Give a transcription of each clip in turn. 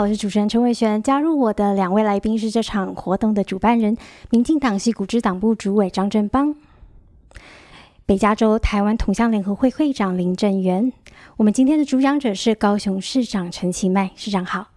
我是主持人陳偉璇，加入我的兩位來賓是這場活動的主辦人，民進黨系谷支黨部主委張振邦，北加州台灣同鄉聯合會會長林正元。我們今天的主講者是高雄市長陳其邁，市長好。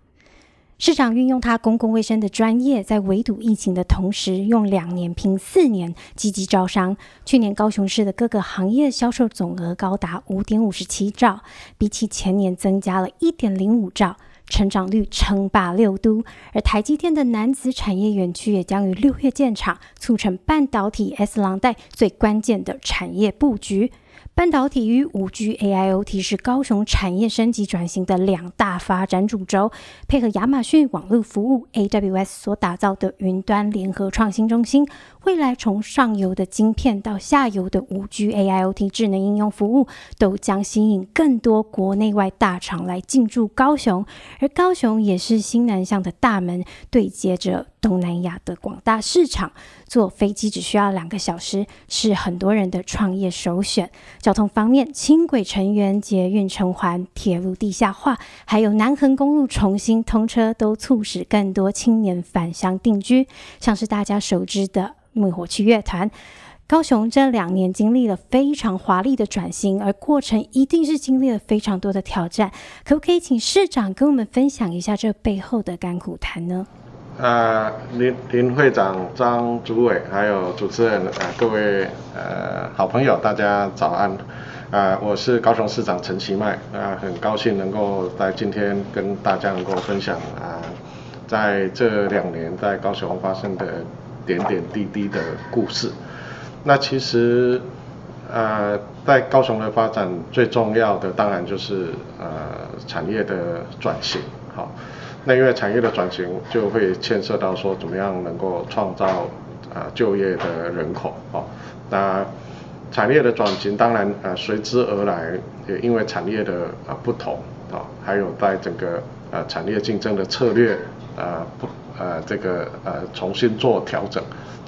市長運用他公共衛生的專業，在圍堵疫情的同時，用兩年拼四年積極招商。去年高雄市的各個行業銷售總額高達五點五十七兆，比起前年增加了一點零五兆。成長率稱霸六都，而台積電的楠梓產業園區也將於六月建廠，促成半導體 S 廊帶最關鍵的產業布局。半導體與五 G AIoT 是高雄產業升級轉型的兩大發展主軸，配合亞馬遜網絡服務 AWS 所打造的雲端聯合創新中心。未來從上游的晶片到下游的五 G AIoT 智能應用服務，都將吸引更多國內外大廠來進駐高雄。而高雄也是新南向的大門，對接着東南亞的廣大市場。坐飛機只需要兩個小時，是很多人的創業首選。交通方面，輕軌、成圓、捷運、成環、鐵路地下化，還有南橫公路重新通車，都促使更多青年返鄉定居。像是大家熟知的。滅火器樂團，高雄這兩年經歷了非常華麗的轉型，而過程一定是經歷了非常多的挑戰。可不可以請市長跟我們分享一下這背後的甘苦談呢？啊、呃，林林會長、張主委，還有主持人啊、呃，各位呃好朋友，大家早安。啊、呃，我是高雄市長陳其邁啊、呃，很高興能夠在今天跟大家能夠分享啊、呃，在這兩年在高雄發生的。點點滴滴的故事，那其實，呃，在高雄的發展最重要的當然就是呃產業的轉型，好、哦，那因為產業的轉型就會牽涉到說怎麼樣能夠創造呃就業的人口，好、哦，那產業的轉型當然呃隨之而來，也因為產業的啊、呃、不同啊、哦，還有在整個呃產業競爭的策略啊、呃、不。呃，這個呃重新做調整，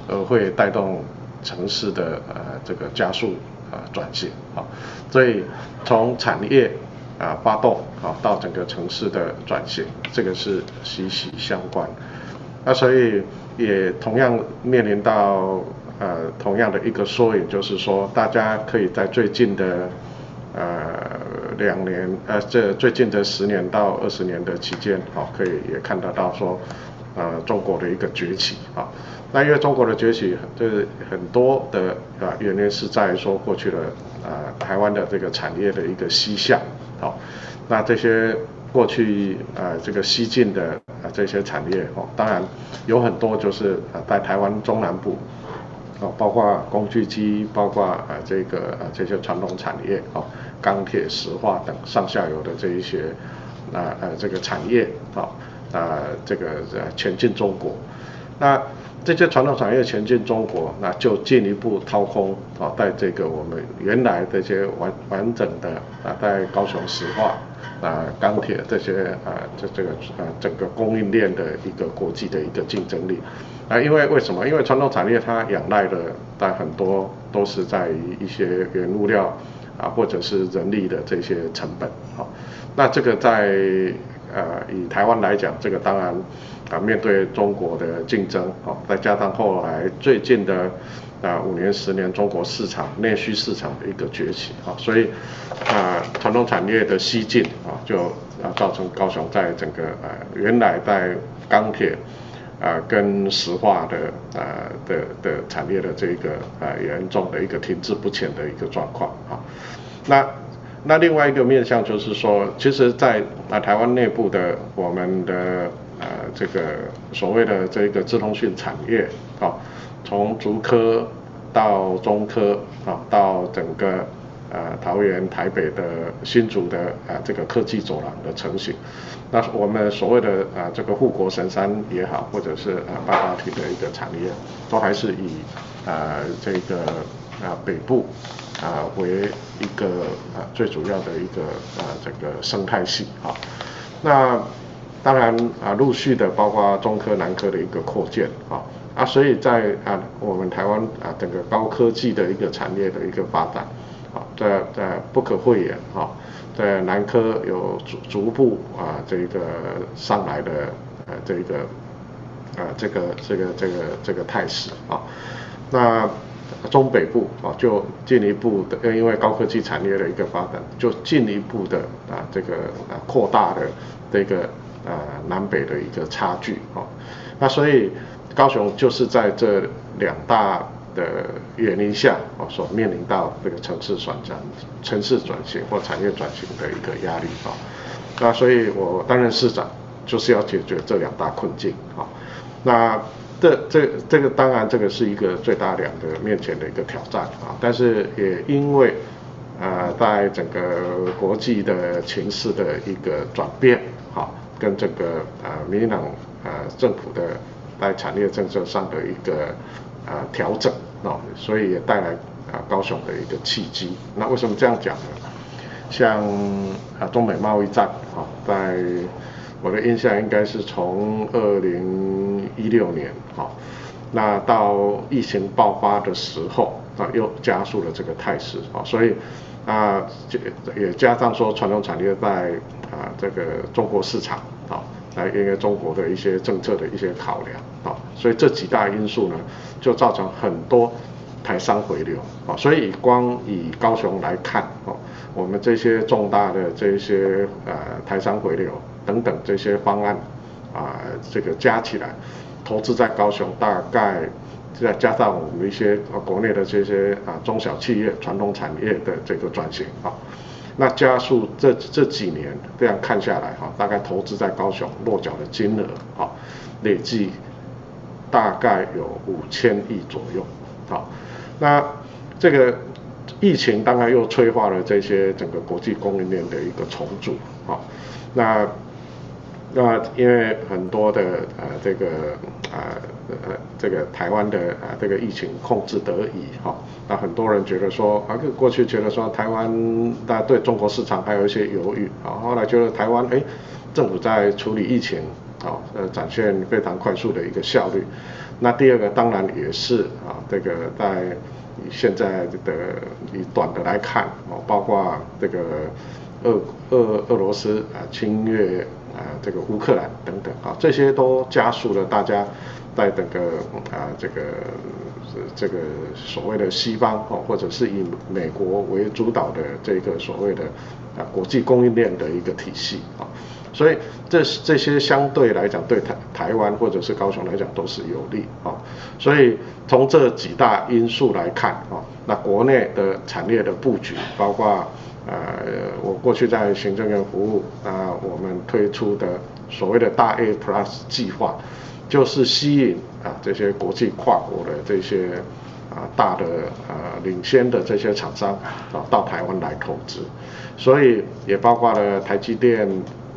而會帶動城市的呃這個加速呃轉型啊、哦，所以從產業啊、呃、發動啊、哦、到整個城市的轉型，這個是息息相關。那所以也同樣面臨到呃同樣的一個縮影，就是說大家可以在最近的呃兩年呃這最近的十年到二十年的期間啊、哦，可以也看得到，到說。呃，中國的一個崛起啊，那因為中國的崛起，就是、很多的呃、啊、原因是在說過去的呃台灣的這個產業的一個西向，啊那這些過去呃這個西進的、啊、這些產業啊當然有很多就是在、啊、台灣中南部，啊包括工具機，包括呃、啊、這個呃、啊、這些傳統產業啊鋼鐵、石化等上下游的這一些啊呃、啊、這個產業啊。啊，這個呃，前進中國，那這些傳統產業前進中國，那就進一步掏空啊，在這個我們原來這些完完整的啊，在高雄石化啊、鋼鐵這些啊，這這個啊，整個供應鏈的一個國際的一個競爭力啊，那因為為什麼？因為傳統產業它仰賴的但很多都是在於一些原物料啊，或者是人力的這些成本啊，那這個在。呃，以台灣來講，這個當然啊，面對中國的競爭，啊，再加上後來最近的啊五年、十年，中國市場內需市場的一個崛起，啊，所以啊，傳統產業的西進啊，就啊造成高雄在整個呃、啊、原來在鋼鐵啊跟石化的啊的的產業的這個啊嚴重的一個停滯不前的一個狀況啊，那。那另外一個面向就是說，其實，在啊台灣內部的我們的呃這個所謂的這個資通訊產業啊，從竹科到中科啊，到整個呃桃園、台北的新竹的啊這個科技走廊的成型，那我們所謂的啊這個護國神山也好，或者是啊半導體的一個產業，都還是以啊這個啊北部。啊，為一個啊最主要的一個啊這個生態系啊，那當然啊陸續的包括中科、南科的一個擴建啊啊，所以在啊我們台灣啊整個高科技的一個產業的一個發展啊，在在、啊、不可諱言啊，在南科有逐逐步啊這個上來的啊這一個啊，這個啊，這個這個這個這個態勢啊，那。中北部啊，就進一步的，因為高科技產業的一個發展，就進一步的啊，這個啊，擴大了這個啊，南北的一個差距啊。那所以高雄就是在這兩大的原因下啊，所面臨到這個城市轉戰城市轉型或產業轉型的一個壓力啊。那所以我擔任市長，就是要解決這兩大困境啊。那這這這個當然這個是一個最大兩個面前的一個挑戰啊，但是也因為呃在整個國際的情勢的一個轉變，哈、哦，跟這個呃民進黨呃政府的在產業政策上的一個、呃、調整，那、哦、所以也帶來啊、呃、高雄的一個契機。那為什麼這樣講呢？像啊、呃、中美貿易戰，哈、哦，在。我的印象應該是從二零一六年，好、哦，那到疫情爆發的時候，啊、哦，又加速了這個態勢，啊、哦，所以啊，也加上說傳統產業在啊這個中國市場，哦、啊，來因為中國的一些政策的一些考量，啊、哦，所以這幾大因素呢，就造成很多台商回流，啊、哦，所以光以高雄來看，哦，我們這些重大的這些呃台商回流。等等這些方案，啊，這個加起來，投資在高雄大概再加上我們一些國內的這些啊中小企業傳統產業的這個轉型啊，那加速這這幾年這樣看下來哈，啊，大概投資在高雄落腳的金額啊累計大概有五千億左右啊，那這個疫情當然又催化了這些整個國際供應鏈的一個重組啊，那。那因為很多的呃這個啊呃，呃這個台灣的啊、呃、這個疫情控制得宜。哈、哦，那很多人覺得說啊過去覺得說台灣大家對中國市場還有一些猶豫，啊、哦、後來覺得台灣哎政府在處理疫情啊、哦呃、展現非常快速的一個效率。那第二個當然也是啊、哦、這個在以現在的以短的來看，啊、哦、包括這個俄俄俄羅斯啊侵略。清啊、呃，這個烏克蘭等等啊，這些都加速了大家在整個、這個啊，這個這個所謂的西方、哦、或者是以美國為主導的這個所謂的啊國際供應鏈的一個體系啊、哦，所以這這些相對來講對台台灣或者是高雄來講都是有利啊、哦，所以從這幾大因素來看啊、哦，那國內的產業的佈局，包括呃，我過去在行政院服務啊。呃我們推出的所謂的大 A Plus 計劃，就是吸引啊這些國際跨國的這些啊大的呃、啊、領先的這些廠商啊到台灣來投資，所以也包括了台積電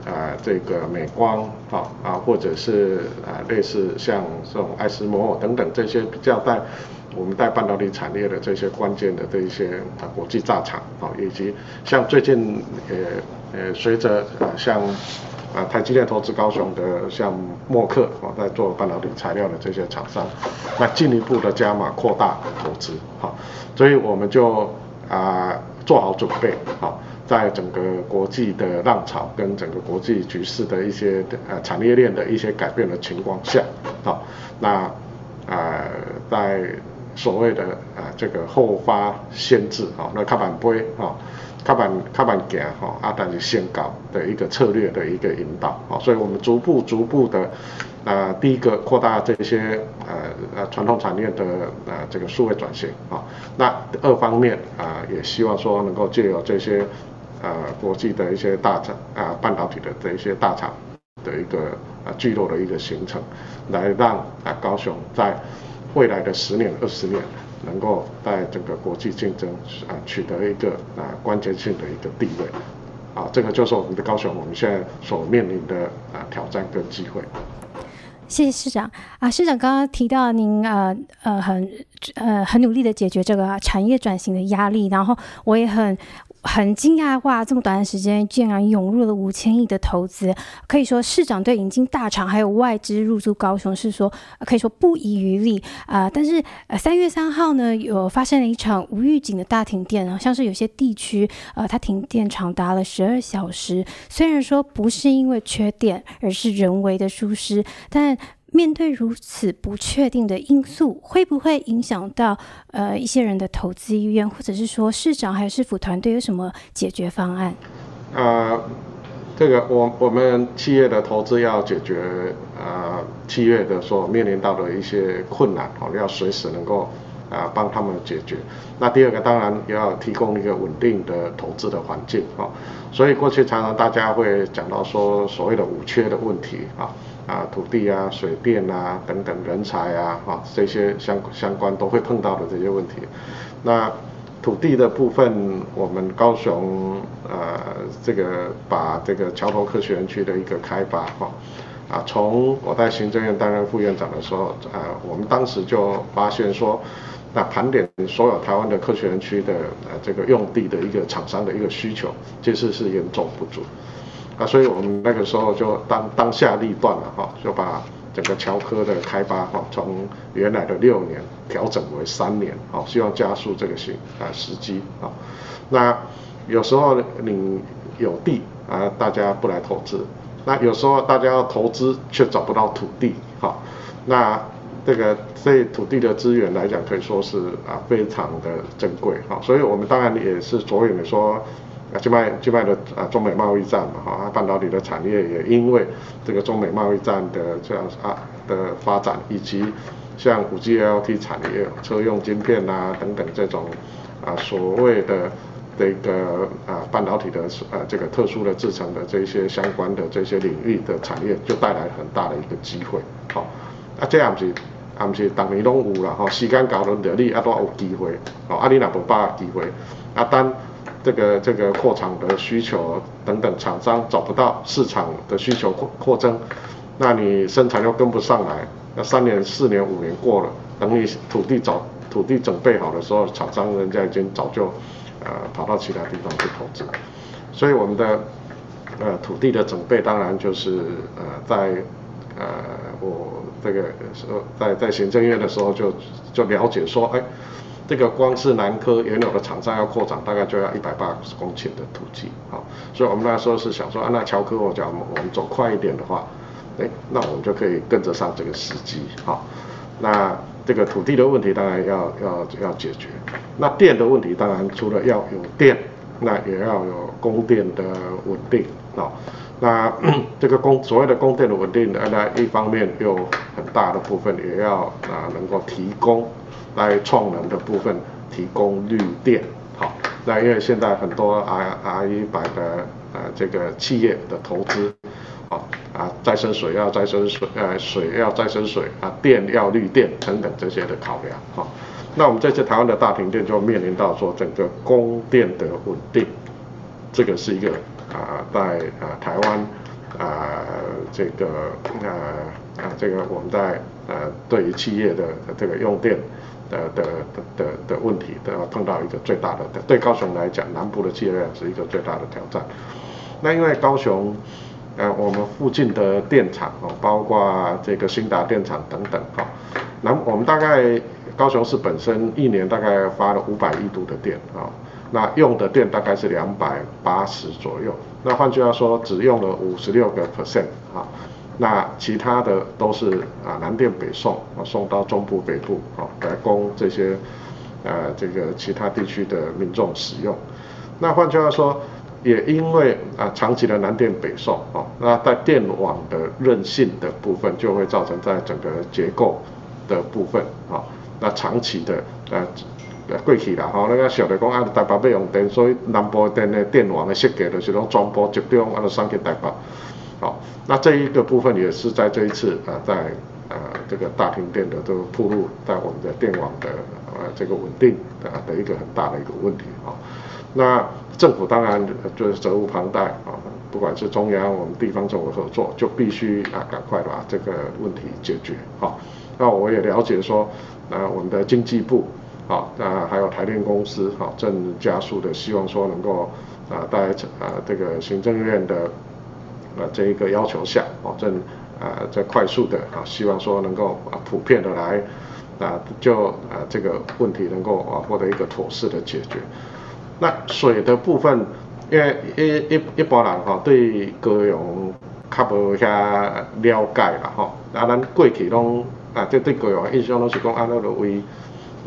啊這個美光啊啊或者是啊類似像這種艾斯摩爾等等這些比較在我們帶半導體產業的這些關鍵的這一些啊國際大廠啊以及像最近呃。呃，隨着像呃台積電投資高雄的像默克啊，在做半導體材料的這些廠商，那進一步的加碼擴大投資，哈，所以我們就啊做好準備，啊在整個國際的浪潮跟整個國際局勢的一些呃產業鏈的一些改變的情況下，啊那呃在所謂的啊這個後發先至啊，那看板規。啊。較板較板行吼，阿但是限高的一個策略的一個引導，好，所以我們逐步逐步的，啊、呃、第一個擴大這些呃呃傳統產業的呃這個數位轉型啊、呃，那二方面啊、呃、也希望說能夠借由這些呃國際的一些大廠啊、呃、半導體的這些大廠的一個啊、呃、聚落的一個形成，來讓啊、呃、高雄在未來的十年二十年，能夠在整個國際競爭啊取得一個、啊、關鍵性的一個地位，啊，這個就是我們的高雄，我們現在所面臨的、啊、挑戰跟機會。謝謝市長啊，市長剛剛提到您呃，呃很呃很努力的解決這個產業轉型的壓力，然後我也很。很驚訝的話，這麼短的時間竟然湧入了五千億的投資，可以說市長對引進大廠還有外資入駐高雄是說可以說不遺餘力啊，呃，但是呃，三月三號呢，有發生了一場無預警的大停電，好像是有些地區呃，它停電長達了十二小時。雖然說不是因為缺電，而是人為的疏失，但，面對如此不確定的因素，會不會影響到呃一些人的投資意願，或者是說市長還是府團隊有什麼解決方案？呃，這個我我們企業的投資要解決、呃、企業的所面臨到的一些困難，哦、要隨時能夠啊、呃、幫他們解決。那第二個當然也要提供一個穩定的投資的環境啊、哦。所以過去常常大家會講到說所謂的五缺的問題啊。哦啊，土地啊、水電啊等等，人才啊，哈、哦，這些相相關都會碰到的這些問題。那土地的部分，我們高雄呃，這個把這個橋頭科學園區的一個開發，哈、哦，啊，從我在行政院擔任副院長的時候，啊、呃，我們當時就發現說，那盤點所有台灣的科學園區的呃這個用地的一個廠商的一個需求，其實是嚴重不足。啊，所以我們那個時候就當當下立斷了哈、哦，就把整個橋科的開發哈從、哦、原來的六年調整為三年，哈、哦，希望加速這個時啊時機，那有時候你有地啊，大家不來投資；那有時候大家要投資卻找不到土地，哈、哦，那這個對土地的資源來講可以說是啊非常的珍貴哈、哦，所以我們當然也是着眼的說。啊，就賣就賣的啊，中美貿易戰嘛，哈，半導體的產業也因為這個中美貿易戰的這樣啊的發展，以及像五 G、L T 產業、車用晶片啊等等這種啊所謂的這個啊半導體的啊，這個特殊的製程的這些相關的這些領域的產業，就帶來很大的一個機會，好，啊這樣子，啊，不是每年都有啦，哈，時間搞了的，你阿多有機會，啊你若無把握機會，啊當這個這個擴廠的需求等等，廠商找不到市場的需求擴擴增，那你生產又跟不上來，那三年四年五年過了，等你土地找土地準備好的時候，廠商人家已經早就，呃，跑到其他地方去投資，所以我們的呃土地的準備當然就是呃在呃我這個呃在在，在行政院的時候就就了解說哎。這個光是南科原有的廠商要擴展，大概就要一百八十公頃的土地，哦，所以我們那時候是想說，按、啊、那橋科我講，我們走快一點的話誒，那我們就可以跟着上這個時機，哦、那這個土地的問題當然要要要解決，那電的問題當然除了要有電，那也要有供電的穩定，哦、那這個供所謂的供電的穩定，啊、那一方面有很大的部分也要啊能夠提供。在創能的部分提供綠電，好，那因為現在很多 RE100 的呃這個企業的投資，好，啊啊再生水要再生水，呃水要再生水啊電要綠電等等這些的考量，好，那我們這次台灣的大停電就面臨到說整個供電的穩定，這個是一個啊在啊台灣啊這個呃啊這個我們在呃對於企業的這個用電。的的的的的問題，對，碰到一個最大的，對高雄來講，南部的氣源是一個最大的挑戰。那因為高雄，呃，我們附近的電廠哦，包括這個興達電廠等等哈、哦，南我們大概高雄市本身一年大概發了五百億度的電啊、哦，那用的電大概是兩百八十左右，那換句話說，只用了五十六個 percent 啊。哦那其他的都是啊南電北送啊，送到中部北部啊來供這些呃這個其他地區的民眾使用。那換句話說，也因為啊長期的南電北送啊，那在電網的韌性的部分就會造成在整個結構的部分啊，那長期的呃呃貴起了哈，那個小的光安的巴備用電，所以南部電的電網的設計就是講中部集中，安到三級大壩。好、哦，那這一個部分也是在這一次啊，在啊、呃、這個大停電的這個暴露，在我們的電網的呃這個穩定啊、呃、的一個很大的一個問題啊、哦。那政府當然就是責無旁貸啊、哦，不管是中央我們地方政府合作，就必須啊趕快把這個問題解決啊、哦。那我也了解說啊、呃，我們的經濟部啊，啊、哦呃、還有台電公司啊、哦，正加速的希望說能夠啊，帶著啊這個行政院的。啊，這一個要求下，保證啊，在快速的啊，希望說能夠啊，普遍的來啊，就啊這個問題能夠啊，獲得一個妥適的解決。那水的部分，因為一一一般人哈，對高雄，較無遐了解啦哈，啊，咱過去攏啊，即對高雄印象攏是講啊，那為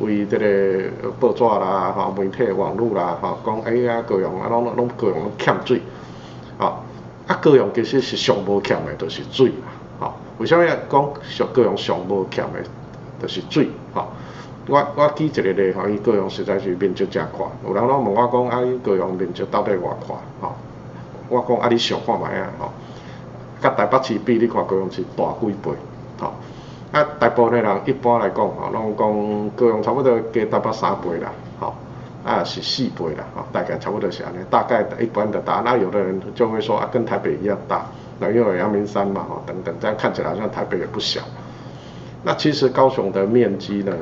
為這個呃，報紙啦，哈，媒體網絡啦，哈，講哎呀高雄啊，攏攏高雄都，都欠水。啊，高雄其實是上無欠誒，就是水嘛，吼、哦。為什麼講上高雄上無欠誒就是水，吼、哦？我我舉一個例，吼，伊高雄實在是面積真寬。有人攏問我講，啊，高雄面積到底偌寬，吼、哦？我講，啊，你想看覓啊，吼、哦？甲台北市比，你看高雄是大幾倍，吼、哦？啊，台北誒人一般來講，吼，攏講高雄差不多加台北三倍啦，吼、哦。啊，是四倍啦、哦，大概差不多的，大概一般的大。那有的人就會說啊，跟台北一樣大，那、啊、因為有陽明山嘛、哦，等等，這樣看起來好像台北也不小。那其實高雄的面積呢，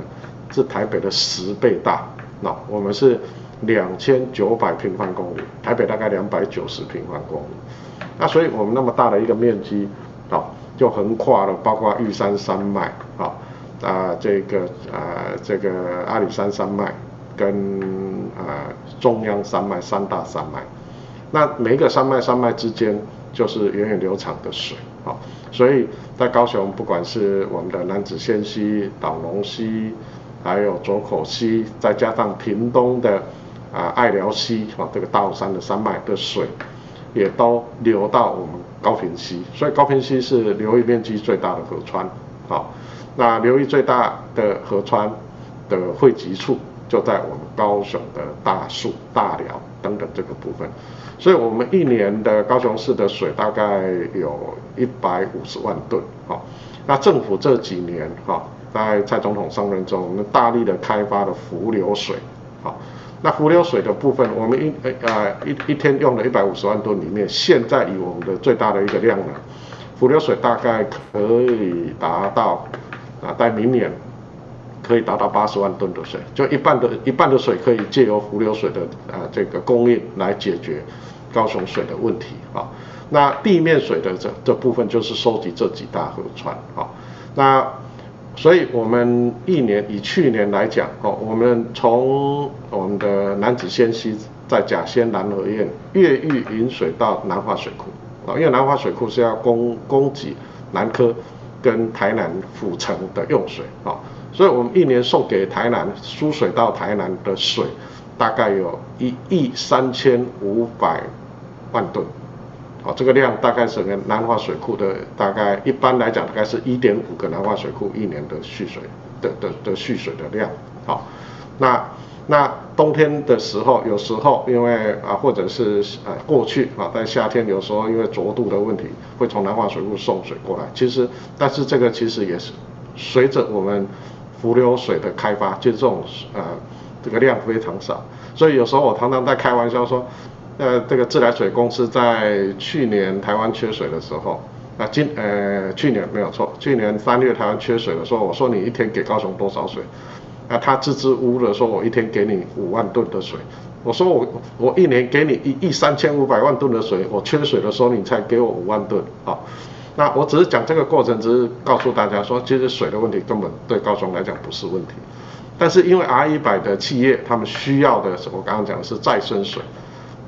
是台北的十倍大。那、哦、我們是兩千九百平方公里，台北大概兩百九十平方公里。那所以我們那麼大的一個面積，哦、就橫跨了包括玉山山脈，啊、哦呃，這個、呃、這個阿里山山脈跟呃，中央山脈三大山脈，那每一個山脈山脈之間就是源遠流長的水啊、哦，所以在高雄不管是我們的楠梓仙溪、荖濃溪、還有濁口溪，再加上屏東的啊、呃、隘寮溪、哦，這個大武山的山脈的水，也都流到我們高屏溪，所以高屏溪是流域面積最大的河川，好、哦，那流域最大的河川的匯集處。就在我們高雄的大樹、大寮等等這個部分，所以我們一年的高雄市的水大概有一百五十萬噸，好，那政府這幾年哈，在蔡總統上任中我們大力的開發了伏流水，好，那伏流水的部分，我們一呃一一天用了一百五十萬噸裡面，現在以我們的最大的一個量呢，伏流水大概可以達到啊，在明年。可以達到八十萬噸的水，就一半的、一半的水可以借由伏流水的呃這個供應來解決高雄水的問題啊、哦。那地面水的這這部分就是收集這幾大河川啊、哦。那所以我們一年以去年來講哦，我們從我們的楠梓仙溪，在甲仙攔河堰越域引水到南化水庫啊、哦，因為南化水庫是要供供給南科。跟台南府城的用水啊，所以我們一年送給台南輸水到台南的水，大概有一億三千五百萬噸。啊，這個量大概是南南華水庫的大概，一般來講，大概是一點五個南華水庫一年的蓄水的的的蓄水的量，好，那那。冬天的時候，有時候因為啊，或者是啊、呃、過去啊，在夏天有時候因為濁度的問題，會從南化水庫送水過來。其實，但是這個其實也是隨着我們伏流水的開發，就是、這種呃這個量非常少，所以有時候我常常在開玩笑說，呃，這個自來水公司在去年台灣缺水的時候啊，今呃去年沒有錯，去年三月台灣缺水的時候，我說你一天給高雄多少水？啊，他支支吾吾地說，我一天給你五萬噸的水，我說我我一年給你一億三千五百萬噸的水，我缺水的時候你才給我五萬噸啊、哦。那我只是講這個過程，只是告訴大家說，其實水的問題根本對高雄來講不是問題。但是因為 R 一百的企業，他們需要的是我剛剛講的是再生水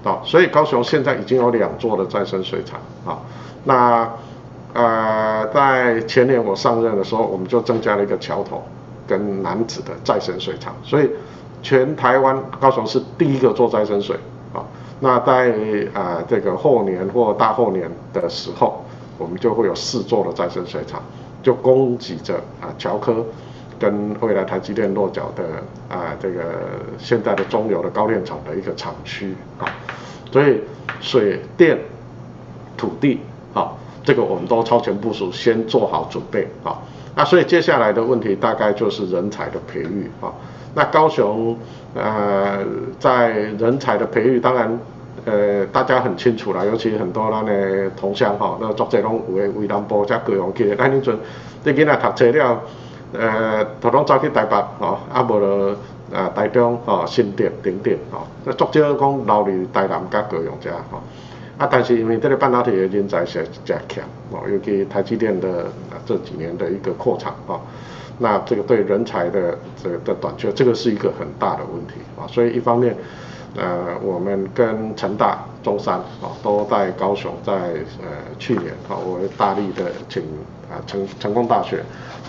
啊、哦，所以高雄現在已經有兩座的再生水廠啊、哦。那呃，在前年我上任的時候，我們就增加了一個橋頭。跟楠梓的再生水廠，所以全台灣高雄是第一個做再生水啊。那在啊這個後年或大後年的時候，我們就會有四座的再生水廠，就供給着啊橋科跟未來台積電落腳的啊這個現在的中油的高煉廠的一個廠區啊。所以水電土地啊，這個我們都超前部署，先做好準備啊。啊，所以接下來的問題大概就是人才的培育啊。那高雄，呃，在人才的培育，當然，呃，大家很清楚啦，尤其很多咱的同鄉哈，那作者攏有為南部波加高雄去的。但你準，恁囡仔讀冊了，呃，他攏招起台北哦，啊，無了呃，台中哦，新店、永店、店哦，那作者講留在台南加高雄者哦。啊，但是因為這個半導體業已經在在強，哦，尤其台積電的這幾年的一個擴產啊，那這個對人才的這個、的短缺，這個是一個很大的問題啊。所以一方面，呃，我們跟成大、中山啊都在高雄在，在呃去年啊，我大力的請啊成成功大學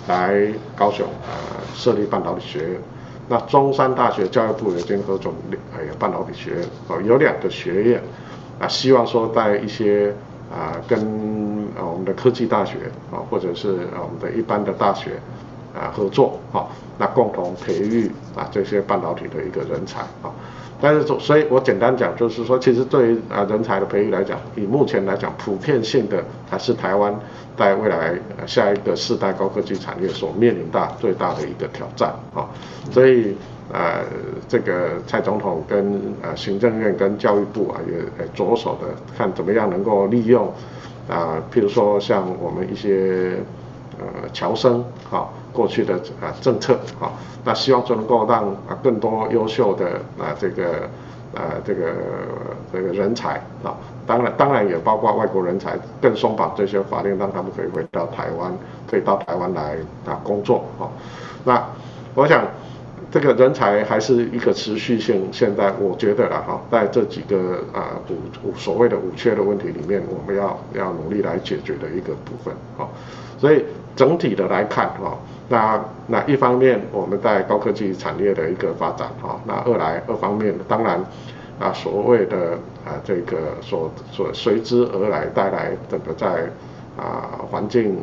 來高雄啊設、呃、立半導體學院，那中山大學教育部也經合總，呃，哎半導體學院啊、呃，有兩個學院。啊，希望說在一些啊，跟啊我們的科技大學啊，或者是啊我們的一般的大學啊合作啊，那共同培育啊這些半導體的一個人才啊。但是，所以，我簡單講，就是說，其實對於啊人才的培育來講，以目前來講，普遍性的還是台灣在未來下一個世代高科技產業所面臨大最大的一個挑戰啊。所以，呃，這個蔡總統跟呃行政院跟教育部啊，也着手的看怎麼樣能夠利用啊，呃，譬如說像我們一些。呃，僑生啊、哦，過去的啊、呃、政策啊、哦，那希望就能夠讓更多優秀的啊、呃、這個啊、呃、這個這個人才啊、哦，當然當然也包括外國人才，更鬆綁這些法令，讓他們可以回到台灣，可以到台灣來啊、呃、工作啊、哦。那我想這個人才還是一個持續性，現在我覺得啦、哦，在這幾個啊、呃、五,五所謂的五缺的問題裡面，我們要要努力來解決的一個部分啊、哦，所以。整體的來看，哈，那那一方面我們在高科技產業的一個發展，哈，那二來二方面當然，啊所謂的啊這個所所隨之而來帶來整個在啊環境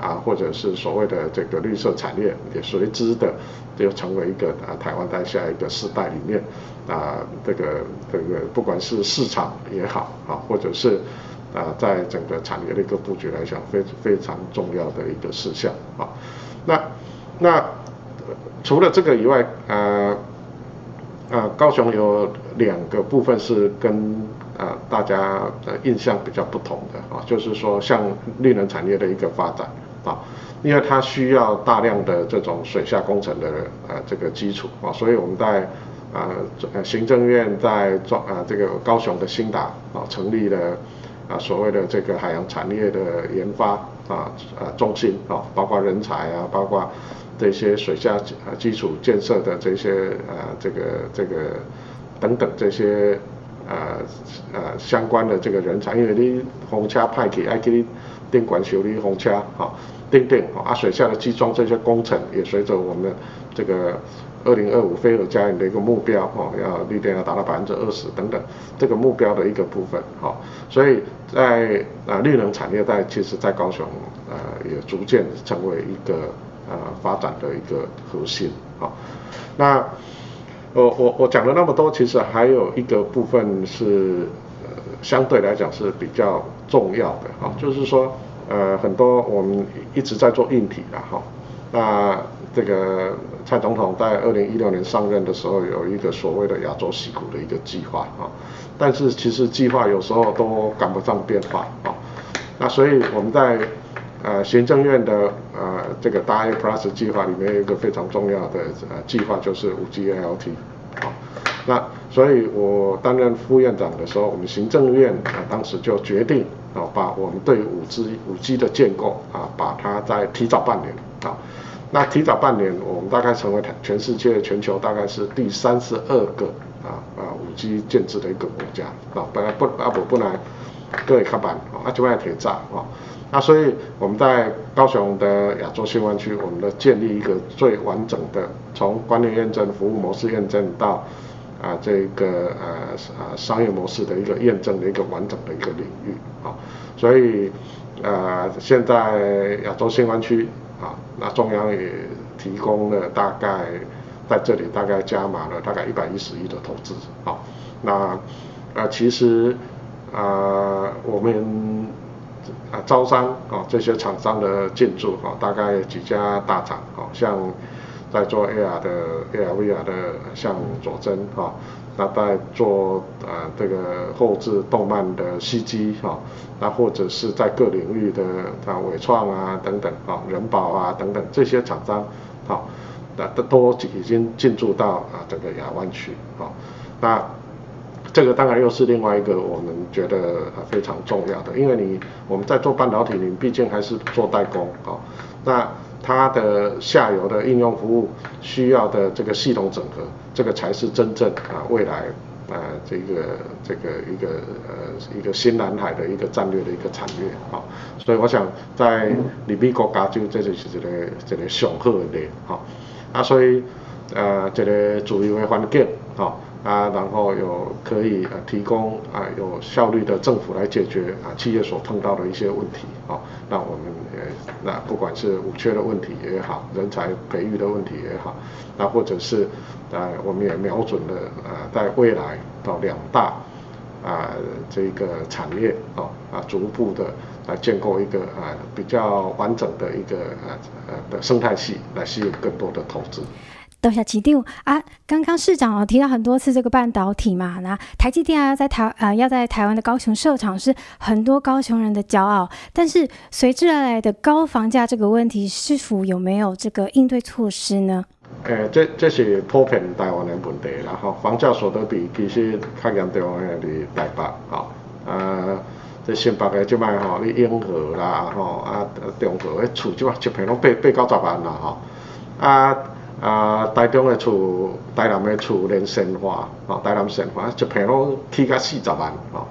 啊或者是所謂的這個綠色產業，也隨之的就成為一個啊台灣在下一個時代裡面啊這個這個不管是市場也好啊或者是。啊、呃，在整個產業的一個布局來講，非非常重要的一個事項啊、哦。那那、呃、除了這個以外，呃啊、呃、高雄有兩個部分是跟呃大家的印象比較不同的啊、哦，就是說像綠能產業的一個發展啊、哦，因為它需要大量的這種水下工程的呃這個基礎啊、哦，所以我們在呃行政院在莊呃這個高雄的興達啊、哦、成立了。啊，所謂的這個海洋產業的研發啊啊中心啊、哦，包括人才啊，包括這些水下、啊、基礎建設的這些啊，這個這個等等這些呃呃、啊啊、相關的這個人才，因為你紅車派給愛給定管修理紅車啊，定、哦、定，啊，水下的集裝這些工程也隨着我們這個。二零二五，非核家園的一個目標哦，要綠電要達到百分之二十等等，這個目標的一個部分哦，所以在啊、呃，綠能產業帶其實，在高雄呃，也逐漸成為一個呃發展的一個核心啊、哦。那我我我講了那麼多，其實還有一個部分是呃，相對來講是比較重要的啊、哦，就是說呃，很多我們一直在做硬體的哈，那、啊。呃這個蔡總統在二零一六年上任的時候，有一個所謂的亞洲矽谷的一個計劃啊，但是其實計劃有時候都趕不上變化啊。那所以我們在呃行政院的呃這個大 a Plus 計劃裡面，有一個非常重要的呃計劃就是五 G LT 啊、哦。那所以我擔任副院長的時候，我們行政院、呃、當時就決定、哦、把我們對五 G 五 G 的建構啊，把它再提早半年啊。哦那提早半年，我們大概成為全世界全球大概是第三十二個啊，啊五 G 建製的一個國家啊，本來不啊，我不來，各位看板啊，阿基麥鐵站啊，啊所以我們在高雄的亞洲新灣區，我們的建立一個最完整的從觀念驗證、服務模式驗證到啊這個呃商業模式的一個驗證的一個完整的一個領域啊，所以呃現在亞洲新灣區。啊，那中央也提供了大概在這裡大概加碼了大概一百一十億的投資，啊、哦、那呃其實啊、呃、我們啊、呃、招商啊、哦、這些廠商的進駐啊、哦，大概幾家大廠，好、哦，像在做 AR 的 ARVR 啊的，像佐臻啊。哦那在做呃這個後製動漫的 CG 哈、哦，那或者是在各領域的啊緯創啊等等啊、哦，仁寶啊等等這些廠商，好、哦，那都都已經進駐到啊整個亞灣區啊，那這個當然又是另外一個我們覺得非常重要的，因為你我們在做半導體，你畢竟還是做代工啊、哦，那。它的下游的應用服務需要的這個系統整合，這個才是真正啊未來啊、呃、這個這個一個呃一個新藍海的一個戰略的一個產業啊、哦，所以我想在裡邊國家就這就是這個這個雄厚的哈、哦、啊，所以啊、呃、這個主要的環境啊。哦啊，然後有可以呃提供啊有效率的政府來解決啊企業所碰到的一些問題哦。那我們呃那不管是五缺的問題也好，人才培育的問題也好，那或者是呃、啊、我們也瞄準了呃、啊、在未來到兩大啊這個產業哦啊逐步的來建構一個啊比較完整的一個呃、啊啊、的生態系來吸引更多的投資。台積電啊，剛剛市長啊提到很多次這個半導體嘛，那台積電啊在台啊要在台灣、呃、的高雄設廠是很多高雄人的驕傲，但是隨之而來的高房價這個問題，是否有沒有這個應對措施呢？呃、欸，這這是普遍台灣的問題啦，吼、哦，房價所得比其實較嚴重是佇台北，吼、哦，呃，佇新北嘅即賣吼，你英和啦，吼、哦，啊，中國嘅厝即賣一坪攏百八九十萬啦，吼、哦，啊。啊、呃，台中的厝、台南的厝連善化，哦，台南善化，一坪都起價四十萬，哦，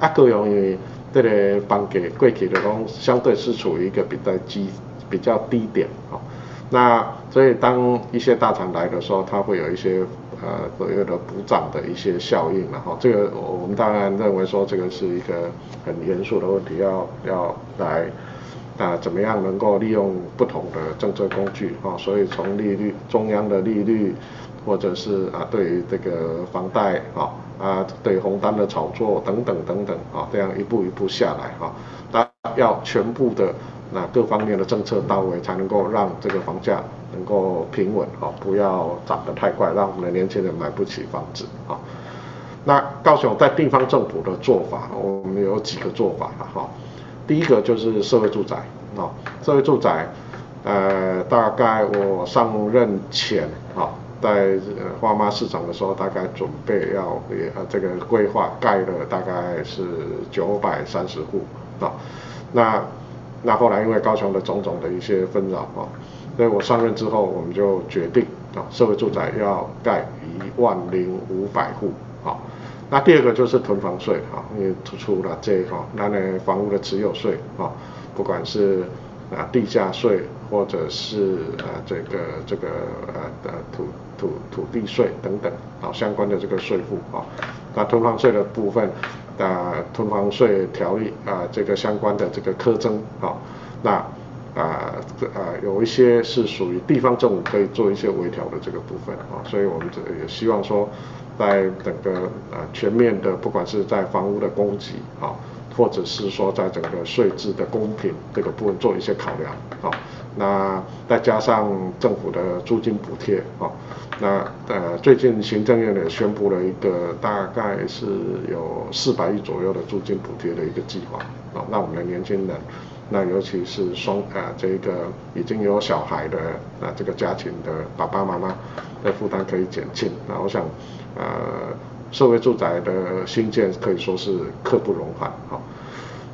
啊，各因為這個房價貴起的都，相對是處於一個比較低比較低點，啊、哦，那所以當一些大廠來的時候，它會有一些呃所有的補漲的一些效應，然、哦、後這個我們當然認為說這個是一個很嚴肅的問題，要要來。啊，怎麼樣能夠利用不同的政策工具啊？所以從利率，中央的利率，或者是啊，對於這個房貸啊、啊對紅單的炒作等等等等啊，這樣一步一步下來啊，那要全部的那、啊、各方面的政策到位，才能夠讓這個房價能夠平穩啊，不要漲得太快，讓我們的年輕人買不起房子啊。那高雄在地方政府的做法，我們有幾個做法哈。啊第一個就是社會住宅，啊、哦，社會住宅，呃，大概我上任前，啊、哦，在花媽市長的時候，大概準備要也、啊、這個規劃蓋了大概是九百三十戶，啊、哦，那那後來因為高雄的種種的一些紛擾啊，所以我上任之後，我們就決定啊、哦，社會住宅要蓋一萬零五百戶，啊、哦。那第二個就是囤房稅啊，因為除了這一塊，那呢房屋的持有稅啊，不管是啊地價稅或者是呃這個這個呃的土土土地稅等等啊相關的這個稅負啊，那囤房稅的部分啊，囤房稅條例啊，這個相關的這個課徵啊，那啊啊有一些是屬於地方政府可以做一些微調的這個部分啊，所以我們這也希望說在整個呃全面的，不管是在房屋的供給啊，或者是說在整個稅制的公平這個部分做一些考量，啊，那再加上政府的租金補貼啊，那呃最近行政院也宣布了一個大概是有四百億左右的租金補貼的一個計劃啊，那我們的年輕人，那尤其是雙呃這個已經有小孩的啊這個家庭的爸爸媽媽的負擔可以減輕，那我想。呃，社會住宅的興建可以說是刻不容緩啊、哦。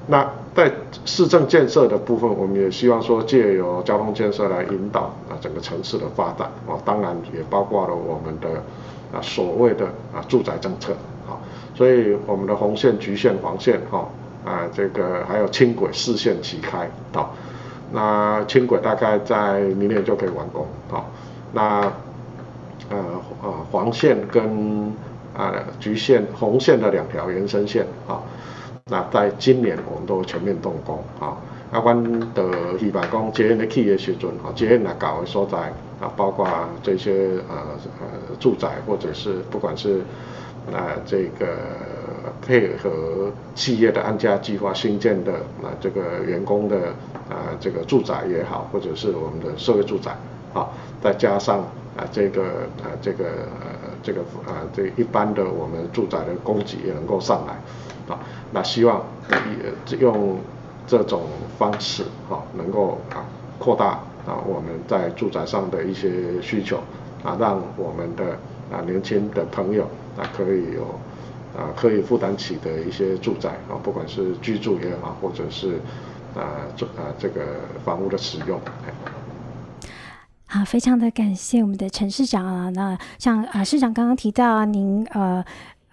那在市政建設的部分，我們也希望說借由交通建設來引導啊整個城市的發展啊、哦，當然也包括了我們的啊所謂的啊住宅政策啊、哦。所以我們的紅線、橘線、黃線啊啊、哦呃、這個還有輕軌四線齊開啊、哦。那輕軌大概在明年就可以完工啊、哦。那呃呃，黃線跟啊、呃、橘線、紅線的兩條延伸線啊、哦，那在今年我們都全面動工啊、哦。啊，關們一百公講，這的企業學準。啊，這恁來搞個收在啊，包括這些呃呃住宅，或者是不管是啊、呃、這個配合企業的安家計劃新建的啊、呃，這個員工的啊、呃、這個住宅也好，或者是我們的社會住宅啊、哦，再加上。啊，這個呃、啊，這個呃，這個啊，這一般的我們住宅的供給也能夠上來，啊，那希望、啊、也用這種方式，啊，能夠啊擴大啊我們在住宅上的一些需求，啊，讓我們的啊年輕的朋友啊可以有啊可以負擔起的一些住宅啊，不管是居住也好，或者是啊這啊這個房屋的使用。哎好，非常的感謝我們的陳市長啊。那像啊、呃，市長剛剛提到、啊、您呃。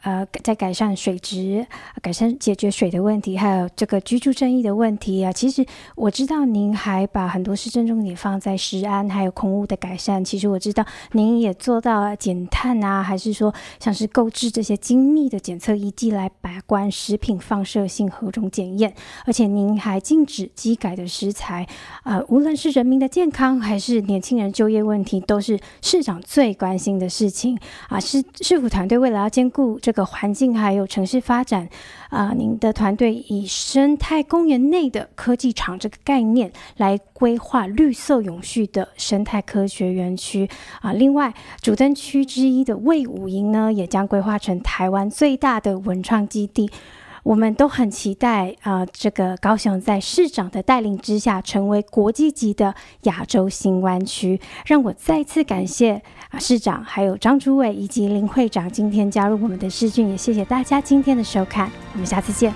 呃，在改善水質、改善解決水的問題，還有這個居住正義的問題啊。其實我知道您還把很多市政重點放在食安，還有空污的改善。其實我知道您也做到了減碳啊，還是說像是購置這些精密的檢測儀器來把關食品放射性何種檢驗，而且您還禁止基改的食材。呃，無論是人民的健康，還是年輕人就業問題，都是市長最關心的事情啊。市市府團隊為了要兼顧這個。這個環境還有城市發展啊、呃，您的團隊以生態公園內的科技廠這個概念來規劃綠色永續的生態科學園區啊、呃。另外，主燈區之一的衛武營呢，也將規劃成台灣最大的文創基地。我們都很期待啊、呃，這個高雄在市長的帶領之下，成為國際級的亞洲新灣區。讓我再次感謝啊，市長還有張主委以及林會長今天加入我們的視訊，也謝謝大家今天的收看，我們下次見。